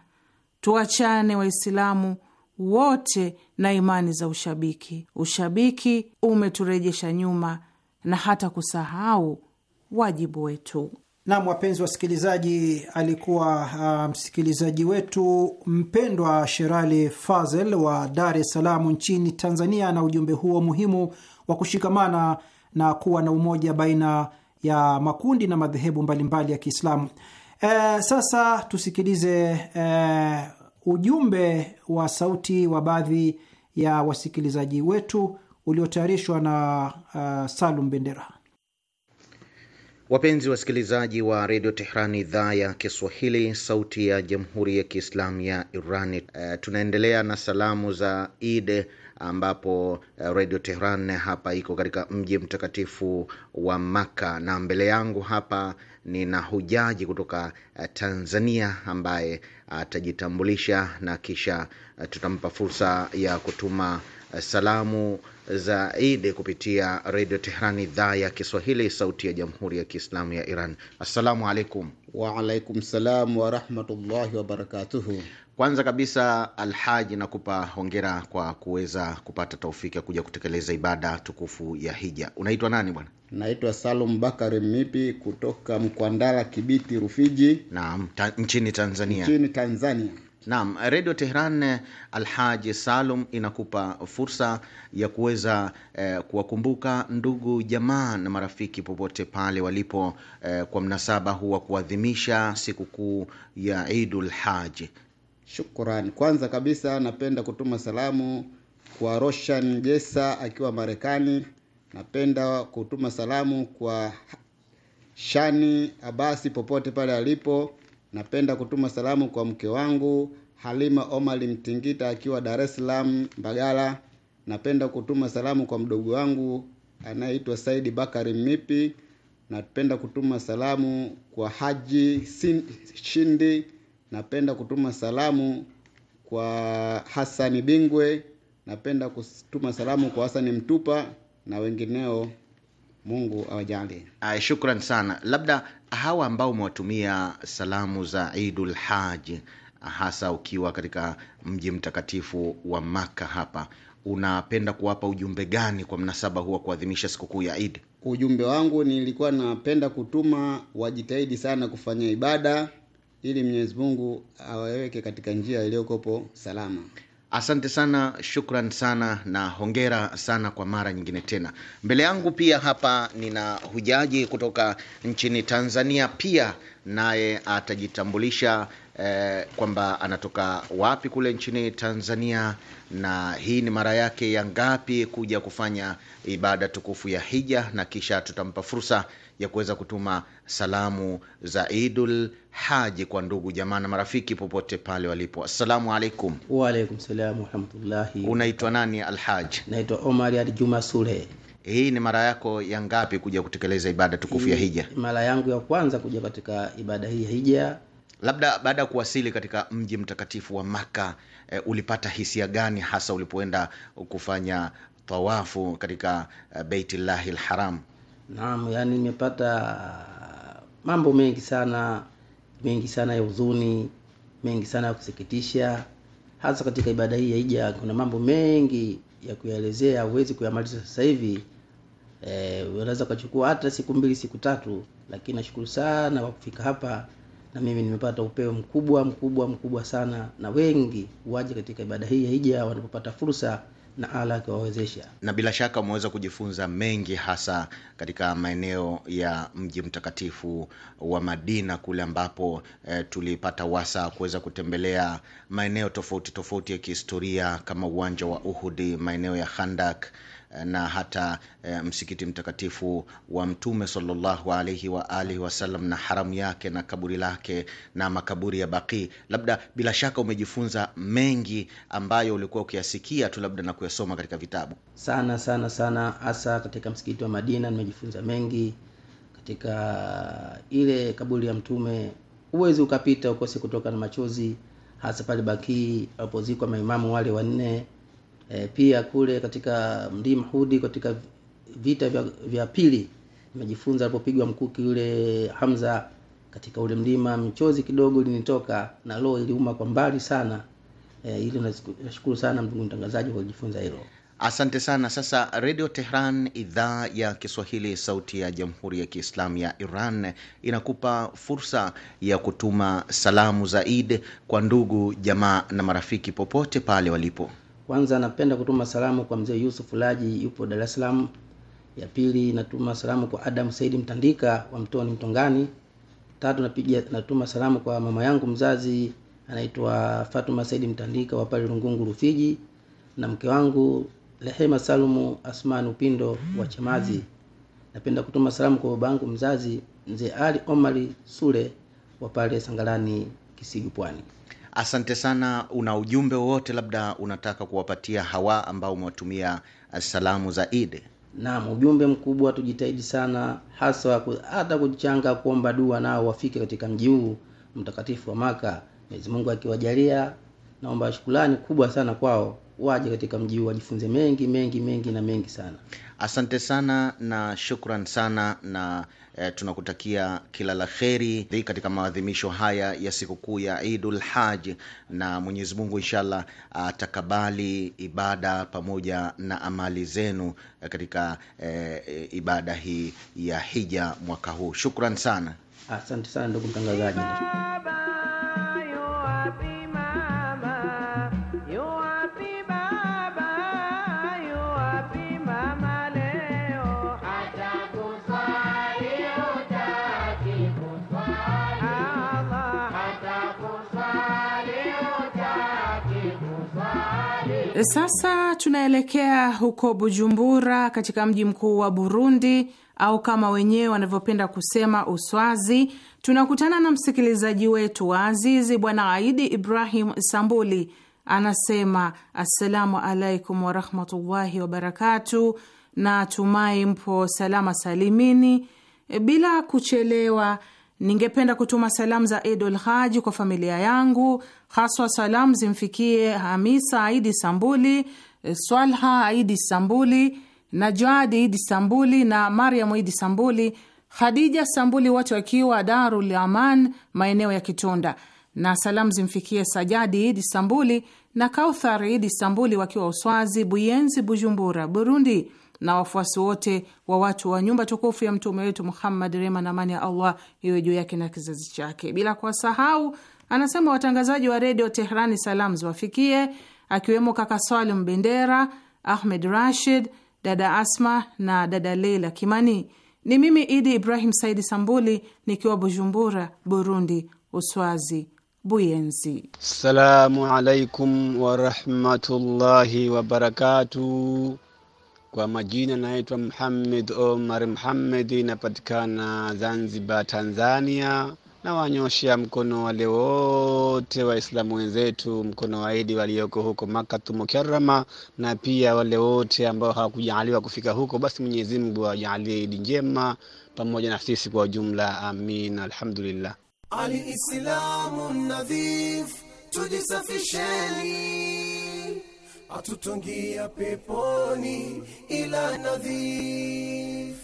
Tuachane Waislamu wote na imani za ushabiki. Ushabiki umeturejesha nyuma na hata kusahau wajibu wetu. Nam, wapenzi wasikilizaji, alikuwa uh, msikilizaji wetu mpendwa Sherali Fazel wa Dar es Salaam nchini Tanzania, na ujumbe huo muhimu wa kushikamana na kuwa na umoja baina ya makundi na madhehebu mbalimbali ya Kiislamu. Eh, sasa tusikilize eh, ujumbe wa sauti wa baadhi ya wasikilizaji wetu uliotayarishwa na uh, Salum Bendera. Wapenzi wasikilizaji wa redio Tehran, idhaa ya Kiswahili, sauti ya jamhuri ya kiislamu ya Irani. Uh, tunaendelea na salamu za Id ambapo uh, redio Tehran hapa iko katika mji mtakatifu wa Makka na mbele yangu hapa nina hujaji kutoka eh, Tanzania ambaye atajitambulisha na kisha eh, tutampa fursa ya kutuma eh, salamu za Idi kupitia Redio Tehran, idhaa ya Kiswahili, sauti ya Jamhuri ya Kiislamu ya Iran. Assalamu alaikum. Waalaikum salam warahmatullahi wabarakatuhu. Kwanza kabisa Alhaji, nakupa hongera kwa kuweza kupata taufiki ya kuja kutekeleza ibada tukufu ya hija. Unaitwa nani bwana? Naitwa Salum Bakari Mipi kutoka Mkwandala, Kibiti, Rufiji. Naam, ta, nchini Tanzania. Nchini Tanzania. Naam, Redio Tehran Alhaji Salum inakupa fursa ya kuweza eh, kuwakumbuka ndugu jamaa na marafiki popote pale walipo eh, kwa mnasaba huu wa kuadhimisha sikukuu ya Idul Haji. Shukrani. Kwanza kabisa napenda kutuma salamu kwa Roshan Jesa akiwa Marekani. Napenda kutuma salamu kwa Shani Abasi popote pale alipo. Napenda kutuma salamu kwa mke wangu Halima omali Mtingita akiwa Dar es Salaam Mbagala. Napenda kutuma salamu kwa mdogo wangu anayeitwa Saidi Bakari Mipi. Napenda kutuma salamu kwa Haji Shindi Napenda kutuma salamu kwa hasani Bingwe, napenda kutuma salamu kwa hasani Mtupa na wengineo. Mungu awajalie. Shukran sana. Labda hawa ambao umewatumia salamu za Idul Haji, hasa ukiwa katika mji mtakatifu wa Maka hapa, unapenda kuwapa ujumbe gani kwa mnasaba huu wa kuadhimisha sikukuu ya Idi? Ujumbe wangu nilikuwa napenda kutuma wajitahidi sana kufanya ibada ili Mwenyezi Mungu awaweke katika njia iliyokopo salama. Asante sana, shukran sana na hongera sana kwa mara nyingine tena. Mbele yangu pia hapa nina hujaji kutoka nchini Tanzania, pia naye atajitambulisha eh, kwamba anatoka wapi kule nchini Tanzania na hii ni mara yake ya ngapi kuja kufanya ibada tukufu ya hija, na kisha tutampa fursa ya kuweza kutuma salamu za Idul Haji kwa ndugu jamaa na marafiki popote pale walipo. Assalamu alaikum. Wa salam warahmatullahi. Unaitwa nani Alhaji? Naitwa Omar Ali Juma Sule. Hii ni mara yako ya ngapi kuja kutekeleza ibada tukufu ya hija? Mara yangu ya kwanza kuja katika ibada hii ya hija. Labda baada ya kuwasili katika mji mtakatifu wa Maka, e, eh, ulipata hisia gani hasa ulipoenda kufanya tawafu katika eh, Beitillahi lharam? Naam, yani nimepata mambo mengi sana, mengi sana ya huzuni, mengi sana ya kusikitisha. Hasa katika ibada hii ya kuna mambo mengi ya kuyaelezea, huwezi kuyamaliza sasa hivi. eh, unaweza kuchukua hata siku mbili siku tatu, lakini nashukuru sana kwa kufika hapa, na mimi nimepata upeo mkubwa mkubwa mkubwa sana, na wengi waje katika ibada hii ya Hija wanapopata fursa na Allah akiwawezesha. Na bila shaka umeweza kujifunza mengi, hasa katika maeneo ya mji mtakatifu wa Madina kule ambapo eh, tulipata wasa kuweza kutembelea maeneo tofauti tofauti ya kihistoria kama uwanja wa Uhudi, maeneo ya Khandak na hata e, msikiti mtakatifu wa Mtume sallallahu alaihi wa alihi wasallam na haramu yake na kaburi lake na makaburi ya Baqi. Labda bila shaka umejifunza mengi ambayo ulikuwa ukiyasikia tu labda na kuyasoma katika vitabu. Sana sana sana, hasa katika msikiti wa Madina nimejifunza mengi katika ile kaburi ya Mtume. Huwezi ukapita ukose kutoka na machozi, hasa pale Baqi alipozikwa maimamu wale wanne E, pia kule katika mlima Hudi katika vita vya, vya pili nimejifunza alipopigwa mkuki yule Hamza katika ule mlima, michozi kidogo ilinitoka na roho iliuma kwa mbali sana. E, eh, ili nashukuru sana ndugu mtangazaji kwa kujifunza hilo. Asante sana. Sasa Redio Tehran idhaa ya Kiswahili, sauti ya Jamhuri ya Kiislamu ya Iran inakupa fursa ya kutuma salamu za Eid kwa ndugu, jamaa na marafiki popote pale walipo. Kwanza napenda kutuma salamu kwa mzee Yusuf Laji, yupo Dar es Salaam. Ya pili natuma salamu kwa Adam Saidi Mtandika wa Mtoni Mtongani. Tatu napiga natuma salamu kwa mama yangu mzazi anaitwa Fatuma Saidi Mtandika wa pale Rungungu Rufiji, na mke wangu Rehema Salumu Asman Upindo wa Chamazi. Napenda kutuma salamu kwa babangu mzazi mzee Ali Omari Sule wa pale Sangalani Kisigu Pwani. Asante sana. Una ujumbe wowote labda unataka kuwapatia hawa ambao umewatumia uh, salamu za Idi? Naam, ujumbe mkubwa, tujitahidi sana haswa hata kuchanga kuomba dua nao wafike katika mji huu mtakatifu wa Maka. Mwenyezi Mungu akiwajalia, naomba shukrani kubwa sana kwao waje katika mji huu wajifunze mengi mengi mengi na mengi sana. Asante sana na shukran sana na eh, tunakutakia kila la kheri katika maadhimisho haya ya sikukuu ya Idul Haj, na Mwenyezi Mungu inshallah atakabali ibada pamoja na amali zenu katika eh, ibada hii ya hija mwaka huu. Shukran sana, asante sana ndugu mtangazaji. Sasa tunaelekea huko Bujumbura, katika mji mkuu wa Burundi au kama wenyewe wanavyopenda kusema Uswazi. Tunakutana na msikilizaji wetu wa azizi Bwana Aidi Ibrahim Sambuli, anasema assalamu alaikum warahmatullahi wabarakatu, na tumai mpo salama salimini bila kuchelewa. Ningependa kutuma salamu za Idul Haji kwa familia yangu, haswa salamu zimfikie Hamisa Aidi Sambuli, Swalha Aidi Sambuli na Joadi Idi Sambuli na Mariam Idi Sambuli, Khadija Sambuli, wote wakiwa Darul Aman maeneo ya Kitunda, na salamu zimfikie Sajadi Idi Sambuli na Kauthar Idi Sambuli wakiwa Uswazi Buyenzi, Bujumbura, Burundi na wafuasi wote wa watu wa nyumba tukufu ya mtume wetu Muhammad, rehma na amani ya Allah iwe juu yake na kizazi chake, bila kuwasahau anasema watangazaji wa redio Tehrani salam ziwafikie, akiwemo kaka Salim Bendera, Ahmed Rashid, dada Asma na dada Leila Kimani. Ni mimi Idi Ibrahim Saidi Sambuli nikiwa Bujumbura, Burundi, Uswazi Buyenzi. Salamu alaikum warahmatullahi wabarakatuh. Kwa majina naitwa Muhammad Omar Muhammad, napatikana Zanzibar, Tanzania. Nawanyoshea mkono wale wote Waislamu wenzetu mkono waidi walioko huko Makatu Mukarrama, na pia wale wote ambao hawakujaliwa kufika huko, basi Mwenyezi Mungu awajalie Idi njema pamoja na sisi kwa ujumla. Amin, alhamdulillah. Alislamu nadhif, tujisafisheni atutungia peponi ila nadhif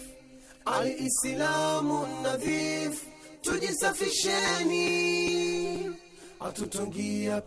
alislamu nadhif tujisafisheni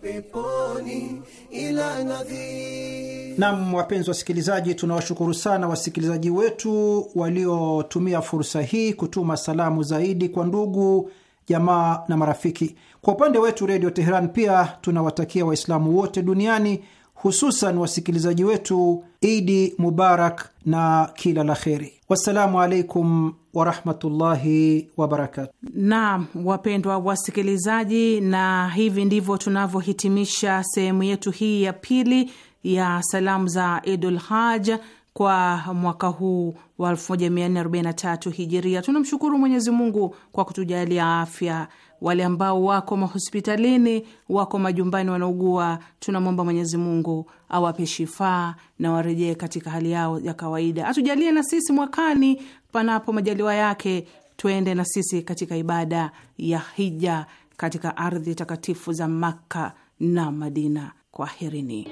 peponi ila nadhif. Nam, wapenzi wasikilizaji, tunawashukuru sana wasikilizaji wetu waliotumia fursa hii kutuma salamu zaidi kwa ndugu jamaa na marafiki. Kwa upande wetu Redio Teheran pia tunawatakia Waislamu wote duniani hususan wasikilizaji wetu, Idi Mubarak na kila la kheri. Wassalamu alaikum warahmatullahi wabarakatu. Naam, wapendwa wasikilizaji, na hivi ndivyo tunavyohitimisha sehemu yetu hii ya pili ya salamu za Idul Haj kwa mwaka huu wa 1443 hijiria. Tunamshukuru Mwenyezi Mungu kwa kutujalia afya. Wale ambao wako mahospitalini, wako majumbani, wanaugua, tunamwomba Mwenyezi Mungu awape shifaa na warejee katika hali yao ya kawaida. Atujalie na sisi mwakani, panapo majaliwa yake, tuende na sisi katika ibada ya hija katika ardhi takatifu za Makka na Madina. Kwaherini.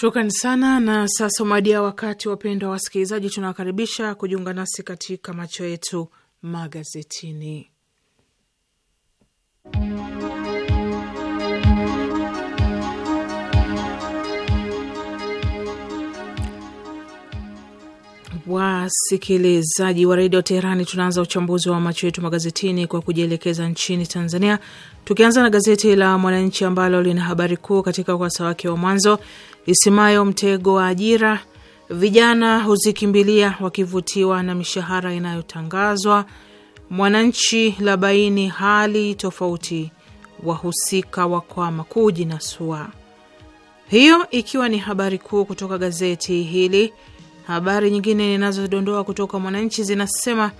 Shukrani sana. Na sasa umewadia wakati, wapendwa wa wasikilizaji, tunawakaribisha kujiunga nasi katika macho yetu magazetini. Wasikilizaji wa redio Teherani, tunaanza uchambuzi wa macho yetu magazetini kwa kujielekeza nchini Tanzania, tukianza na gazeti la Mwananchi ambalo lina habari kuu katika ukurasa wake wa mwanzo isemayo mtego wa ajira, vijana huzikimbilia wakivutiwa na mishahara inayotangazwa. Mwananchi la baini hali tofauti, wahusika wakwama kujinasua. Hiyo ikiwa ni habari kuu kutoka gazeti hili. Habari nyingine ninazodondoa kutoka Mwananchi zinasema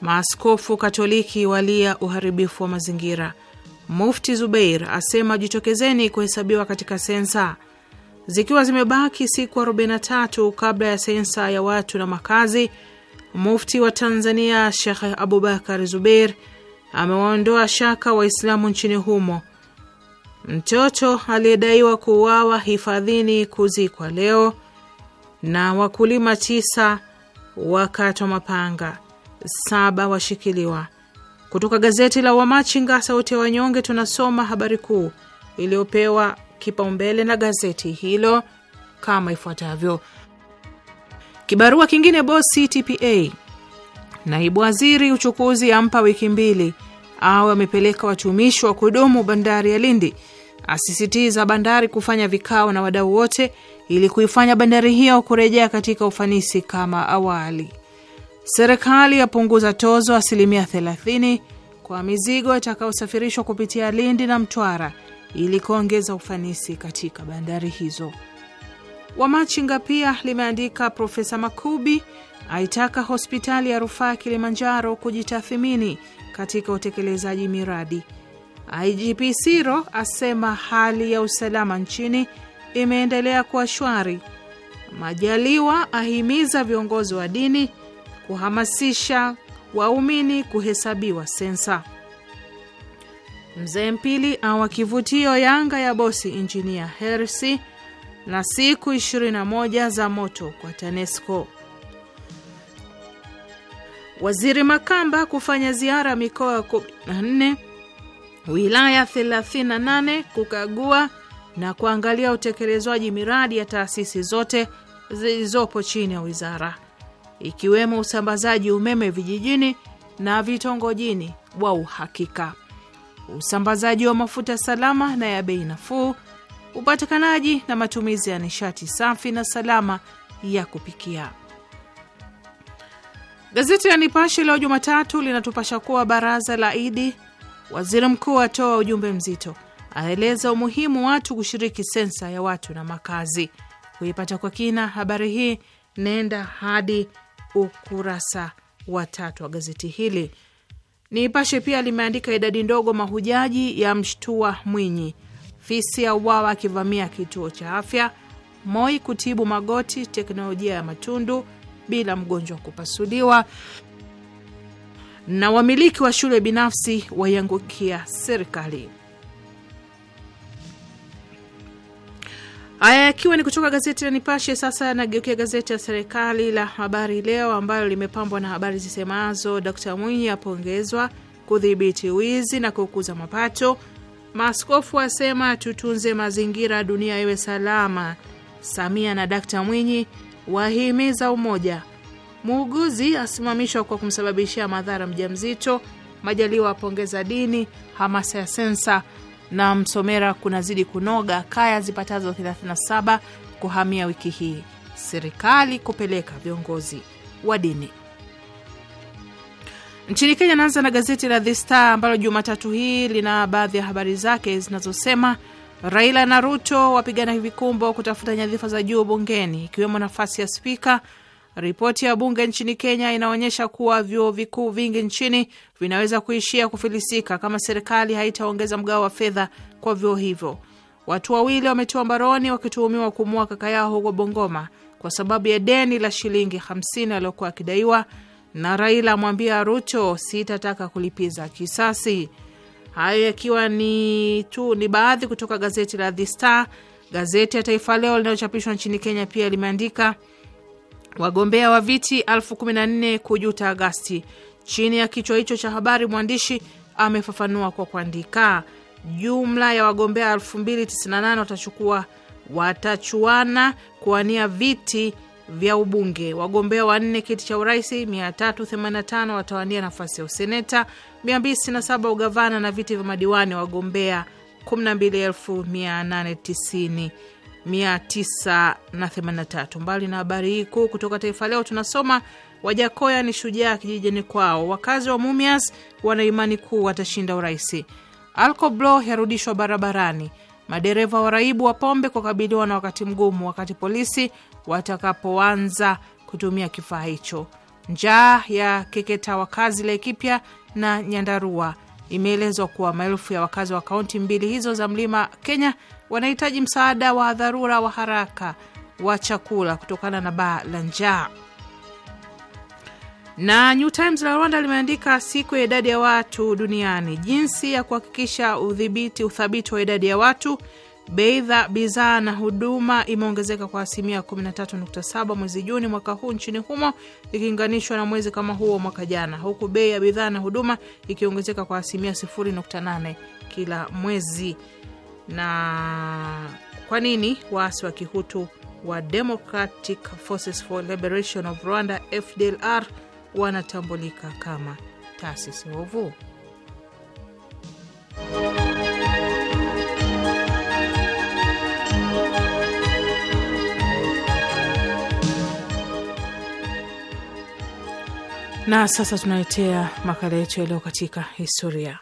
maaskofu Katoliki walia uharibifu wa mazingira. Mufti Zubeir asema jitokezeni kuhesabiwa katika sensa. Zikiwa zimebaki siku 43 kabla ya sensa ya watu na makazi, mufti wa Tanzania Shekh Abubakar Zubeir amewaondoa shaka Waislamu nchini humo. Mtoto aliyedaiwa kuuawa hifadhini kuzikwa leo, na wakulima tisa wakatwa mapanga, saba washikiliwa. Kutoka gazeti la Wamachinga, sauti ya wanyonge, tunasoma habari kuu iliyopewa kipaumbele na gazeti hilo kama ifuatavyo. Kibarua kingine bosi TPA, naibu waziri uchukuzi ampa wiki mbili awe amepeleka watumishi wa kudumu bandari ya Lindi, asisitiza bandari kufanya vikao na wadau wote ili kuifanya bandari hiyo kurejea katika ufanisi kama awali. Serikali yapunguza tozo asilimia 30 kwa mizigo itakayosafirishwa kupitia Lindi na Mtwara ili kuongeza ufanisi katika bandari hizo. Wamachinga pia limeandika Profesa Makubi aitaka hospitali ya rufaa Kilimanjaro kujitathimini katika utekelezaji miradi. IGP Siro asema hali ya usalama nchini imeendelea kuwa shwari. Majaliwa ahimiza viongozi wa dini kuhamasisha waumini kuhesabiwa sensa. Mzee Mpili awa kivutio Yanga ya bosi injinia Hersi na siku 21 za moto kwa TANESCO. Waziri Makamba kufanya ziara mikoa 14 wilaya 38 kukagua na kuangalia utekelezwaji miradi ya taasisi zote zilizopo chini ya wizara ikiwemo usambazaji umeme vijijini na vitongojini wa uhakika usambazaji wa mafuta salama na ya bei nafuu, upatikanaji na matumizi ya nishati safi na salama ya kupikia. Gazeti la Nipashe leo Jumatatu linatupasha kuwa baraza la Idi, waziri mkuu atoa ujumbe mzito, aeleza umuhimu watu kushiriki sensa ya watu na makazi. Kuipata kwa kina habari hii, nenda hadi ukurasa wa tatu wa gazeti hili. Nipashe pia limeandika idadi ndogo mahujaji ya mshtua Mwinyi, fisi ya uwawa akivamia kituo cha afya, Moi kutibu magoti, teknolojia ya matundu bila mgonjwa kupasuliwa, na wamiliki wa shule binafsi waiangukia serikali. Haya yakiwa ni kutoka gazeti la Nipashe. Sasa nageukia gazeti la serikali la Habari Leo ambalo limepambwa na habari zisemazo: Dkt Mwinyi apongezwa kudhibiti wizi na kukuza mapato, maaskofu asema tutunze mazingira, dunia iwe salama, Samia na Dkt Mwinyi wahimiza umoja, muuguzi asimamishwa kwa kumsababishia madhara mjamzito, Majaliwa apongeza dini, hamasa ya sensa na Msomera kunazidi kunoga, kaya zipatazo 37 kuhamia wiki hii, serikali kupeleka viongozi wa dini nchini Kenya. Naanza na gazeti la The Star ambalo Jumatatu hii lina baadhi ya habari zake zinazosema Raila na Ruto wapigana vikumbo kutafuta nyadhifa za juu bungeni, ikiwemo nafasi ya spika Ripoti ya bunge nchini Kenya inaonyesha kuwa vyuo vikuu vingi nchini vinaweza kuishia kufilisika kama serikali haitaongeza mgao wa fedha kwa vyuo hivyo. Watu wawili wametiwa mbaroni wakituhumiwa kumua kaka yao huko Bongoma kwa sababu ya deni la shilingi 50 aliyokuwa akidaiwa, na Raila amwambia Ruto, sitataka kulipiza kisasi. Hayo yakiwa ni tu ni baadhi kutoka gazeti la The Star. Gazeti ya Taifa Leo linalochapishwa nchini Kenya pia limeandika Wagombea wa viti elfu kumi na nne kujuta Agasti. Chini ya kichwa hicho cha habari, mwandishi amefafanua kwa kuandika, jumla ya wagombea 2098 watachukua watachuana kuwania viti vya ubunge. Wagombea wanne kiti cha urais, 385 watawania nafasi ya useneta, 267 ugavana na viti vya madiwani, wagombea 12890 983. Mbali na habari hii kuu kutoka Taifa Leo, tunasoma Wajakoya ni shujaa kijijini kwao. Wakazi wa Mumias imani kuu watashinda urahisi Alcoblo yarudishwa barabarani. Madereva waraibu wa pombe kukabiliwa na wakati mgumu wakati polisi watakapoanza kutumia kifaa hicho. Njaa ya keketa wakazi Laikipia na Nyandarua. Imeelezwa kuwa maelfu ya wakazi wa kaunti mbili hizo za mlima Kenya wanahitaji msaada wa dharura wa haraka wa chakula kutokana na baa la njaa. Na New Times la Rwanda limeandika siku ya idadi ya watu duniani, jinsi ya kuhakikisha udhibiti uthabiti wa idadi ya watu. Bei za bidhaa na huduma imeongezeka kwa asilimia 13.7 mwezi Juni mwaka huu nchini humo ikilinganishwa na mwezi kama huo mwaka jana, huku bei ya bidhaa na huduma ikiongezeka kwa asilimia 0.8 kila mwezi na kwa nini waasi wa kihutu wa Democratic Forces for Liberation of Rwanda FDLR wanatambulika kama taasisi ovu. Na sasa tunaletea makala yetu yaliyo katika historia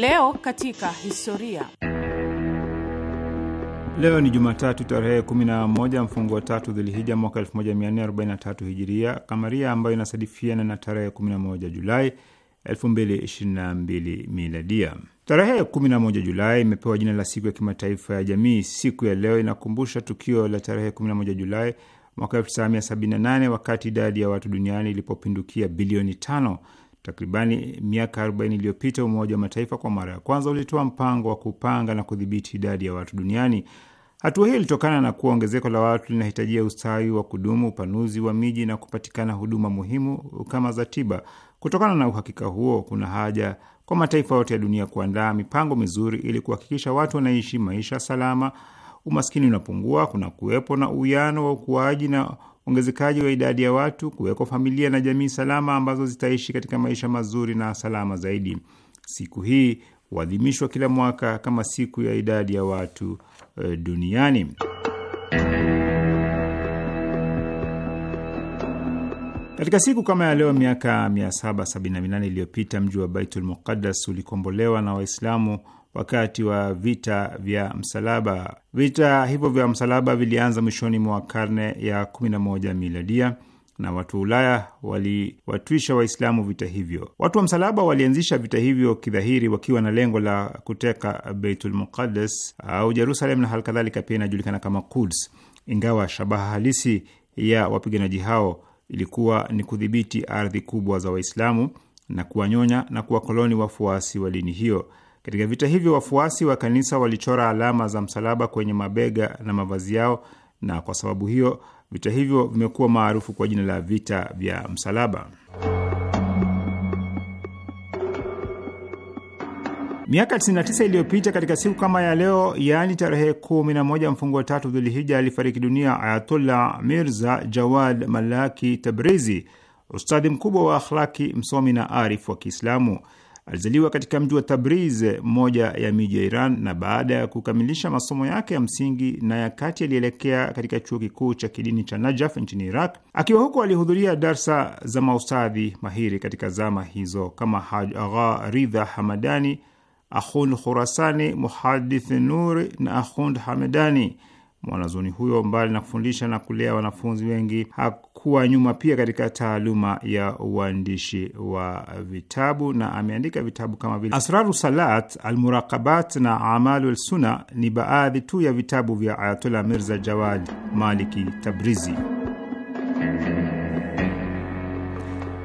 Leo katika historia. Leo ni Jumatatu tarehe 11 mfungo tatu Dhilhija mwaka 1443 hijiria kamaria, ambayo inasadifiana na tarehe 11 Julai 2022 miladia. Tarehe 11 Julai imepewa jina la siku ya kimataifa ya jamii. Siku ya leo inakumbusha tukio la tarehe 11 Julai mwaka 1978 wakati idadi ya watu duniani ilipopindukia bilioni tano Takribani miaka 40 iliyopita, Umoja wa Mataifa kwa mara ya kwanza ulitoa mpango wa kupanga na kudhibiti idadi ya watu duniani. Hatua hii ilitokana na kuwa ongezeko la watu linahitajia ustawi wa kudumu, upanuzi wa miji na kupatikana huduma muhimu kama za tiba. Kutokana na uhakika huo, kuna haja kwa mataifa yote ya dunia kuandaa mipango mizuri ili kuhakikisha watu wanaishi maisha salama, umaskini unapungua, kuna kuwepo na uwiano wa ukuaji na ongezekaji wa idadi ya watu, kuwekwa familia na jamii salama ambazo zitaishi katika maisha mazuri na salama zaidi. Siku hii huadhimishwa kila mwaka kama siku ya idadi ya watu e, duniani. Katika siku kama ya leo miaka 778 iliyopita mji wa Baitul Muqaddas ulikombolewa na Waislamu wakati wa vita vya msalaba. Vita hivyo vya msalaba vilianza mwishoni mwa karne ya 11 miladia na watu wa Ulaya waliwatwisha Waislamu vita hivyo. Watu wa msalaba walianzisha vita hivyo kidhahiri, wakiwa na lengo la kuteka Beitul Muqaddas au Jerusalem na halikadhalika pia inajulikana kama Quds, ingawa shabaha halisi ya wapiganaji hao ilikuwa ni kudhibiti ardhi kubwa za Waislamu na kuwanyonya na kuwakoloni wafuasi wa dini hiyo. Katika vita hivyo, wafuasi wa kanisa walichora alama za msalaba kwenye mabega na mavazi yao, na kwa sababu hiyo vita hivyo vimekuwa maarufu kwa jina la vita vya msalaba. Miaka 99 iliyopita katika siku kama ya leo, yaani tarehe 11 mfungo tatu Dhulhija, alifariki dunia Ayatullah Mirza Jawad Malaki Tabrizi, ustadhi mkubwa wa akhlaki, msomi na arif wa Kiislamu. Alizaliwa katika mji wa Tabriz, moja ya miji ya Iran, na baada ya kukamilisha masomo yake ya msingi na ya kati alielekea katika chuo kikuu cha kidini cha Najaf nchini Iraq. Akiwa huko alihudhuria darsa za maustadhi mahiri katika zama hizo kama Haj Agha Ridha Hamadani, Ahund Khurasani, Muhadith Nur na Ahund Hamedani. Mwanazuoni huyo mbali na kufundisha na kulea wanafunzi wengi, hakuwa nyuma pia katika taaluma ya uandishi wa vitabu na ameandika vitabu kama vile Asraru Salat, Almurakabat na Amalu Lsuna ni baadhi tu ya vitabu vya Ayatollah Mirza Jawad Maliki Tabrizi.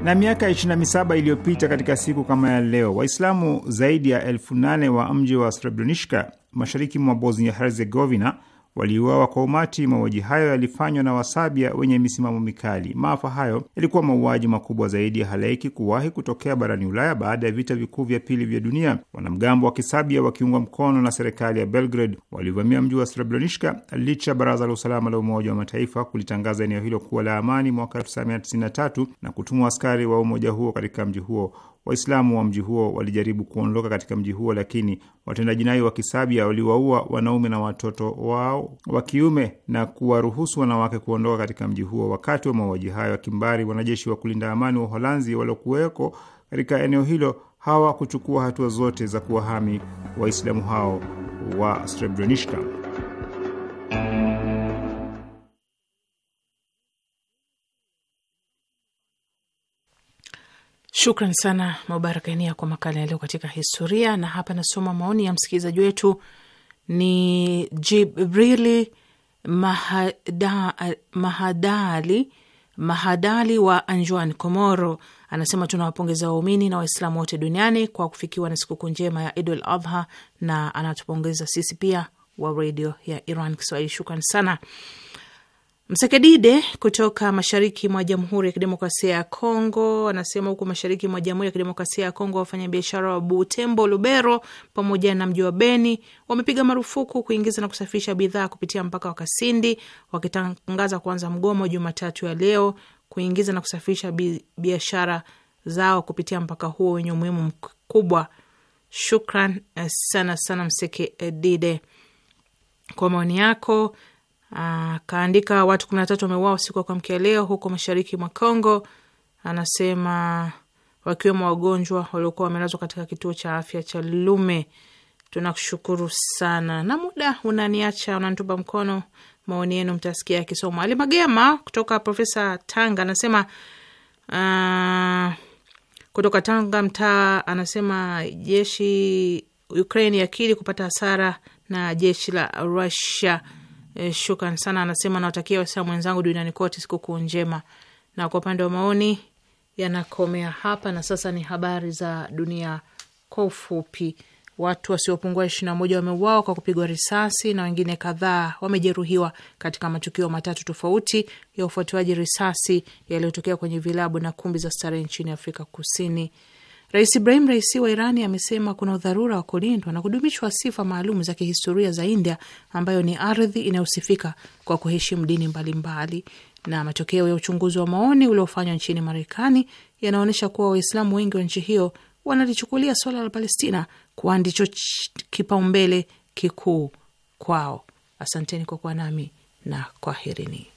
na miaka 27 iliyopita katika siku kama ya leo, Waislamu zaidi ya elfu nane wa mji wa Srebrenica mashariki mwa Bosnia Herzegovina waliuawa kwa umati. Mauaji hayo yalifanywa na Wasabia wenye misimamo mikali. Maafa hayo yalikuwa mauaji makubwa zaidi ya halaiki kuwahi kutokea barani Ulaya baada ya vita vikuu vya pili vya dunia. Wanamgambo wa Kisabia wakiungwa mkono na serikali ya Belgrade walivamia mji wa Srebrenica licha ya Baraza la Usalama la Umoja wa Mataifa kulitangaza eneo hilo kuwa la amani mwaka 1993 na kutumwa askari wa umoja huo katika mji huo Waislamu wa, mji huo walijaribu kuondoka katika mji huo, lakini watenda jinai wa Kisabia waliwaua wanaume na watoto wao wa kiume na kuwaruhusu wanawake kuondoka katika mji huo. Wakati wa mauaji hayo ya kimbari, wanajeshi wa kulinda amani wa Uholanzi waliokuweko katika eneo hilo hawakuchukua hatua zote za kuwahami Waislamu hao wa Srebrenica. Shukran sana Mubarak Enia kwa makala yaliyo katika historia. Na hapa nasoma maoni ya msikilizaji wetu ni Jibrili Mahada, Mahadali Mahadali wa Anjuan, Komoro, anasema tunawapongeza waumini na Waislamu wote duniani kwa kufikiwa na sikukuu njema ya Idul Adha, na anatupongeza sisi pia wa redio ya Iran Kiswahili. Shukran sana. Msekedide kutoka mashariki mwa Jamhuri ya Kidemokrasia ya Kongo anasema huko mashariki mwa Jamhuri ya Kidemokrasia ya Kongo, wafanyabiashara wa Butembo, Lubero pamoja na mji wa Beni wamepiga marufuku kuingiza na kusafirisha bidhaa kupitia mpaka wa Kasindi, wakitangaza kuanza mgomo Jumatatu ya leo kuingiza na kusafirisha biashara zao kupitia mpaka huo wenye umuhimu mkubwa. Shukran eh, sana sana Msekedide kwa maoni yako. Akaandika watu kumi na tatu wameuawa siku ya kuamkia leo huko mashariki mwa Congo, Anasema wakiwemo wagonjwa waliokuwa wamelazwa katika kituo cha afya cha Lume. Tunakushukuru sana, na muda unaniacha unanitupa mkono. Maoni yenu mtasikia akisoma. Ali Magema kutoka Profesa Tanga anasema uh, kutoka Tanga mtaa anasema jeshi Ukraine yakili kupata hasara na jeshi la Russia Eh, shukran sana. Anasema nawatakia wasaa mwenzangu duniani kote sikukuu njema. Na kwa upande wa maoni yanakomea hapa, na sasa ni habari za dunia kwa ufupi. Watu wasiopungua ishirini na moja wameuawa kwa kupigwa risasi na wengine kadhaa wamejeruhiwa katika matukio matatu tofauti ya ufuatiwaji risasi yaliyotokea kwenye vilabu na kumbi za starehe nchini Afrika Kusini. Rais Ibrahim Raisi wa Irani amesema kuna udharura wa kulindwa na kudumishwa sifa maalum za kihistoria za India, ambayo ni ardhi inayosifika kwa kuheshimu dini mbalimbali. Na matokeo ya uchunguzi wa maoni uliofanywa nchini Marekani yanaonyesha kuwa Waislamu wengi wa nchi hiyo wanalichukulia swala la Palestina kuwa ndicho kipaumbele kikuu kwao. Asanteni kwa kuwa nami na kwaherini.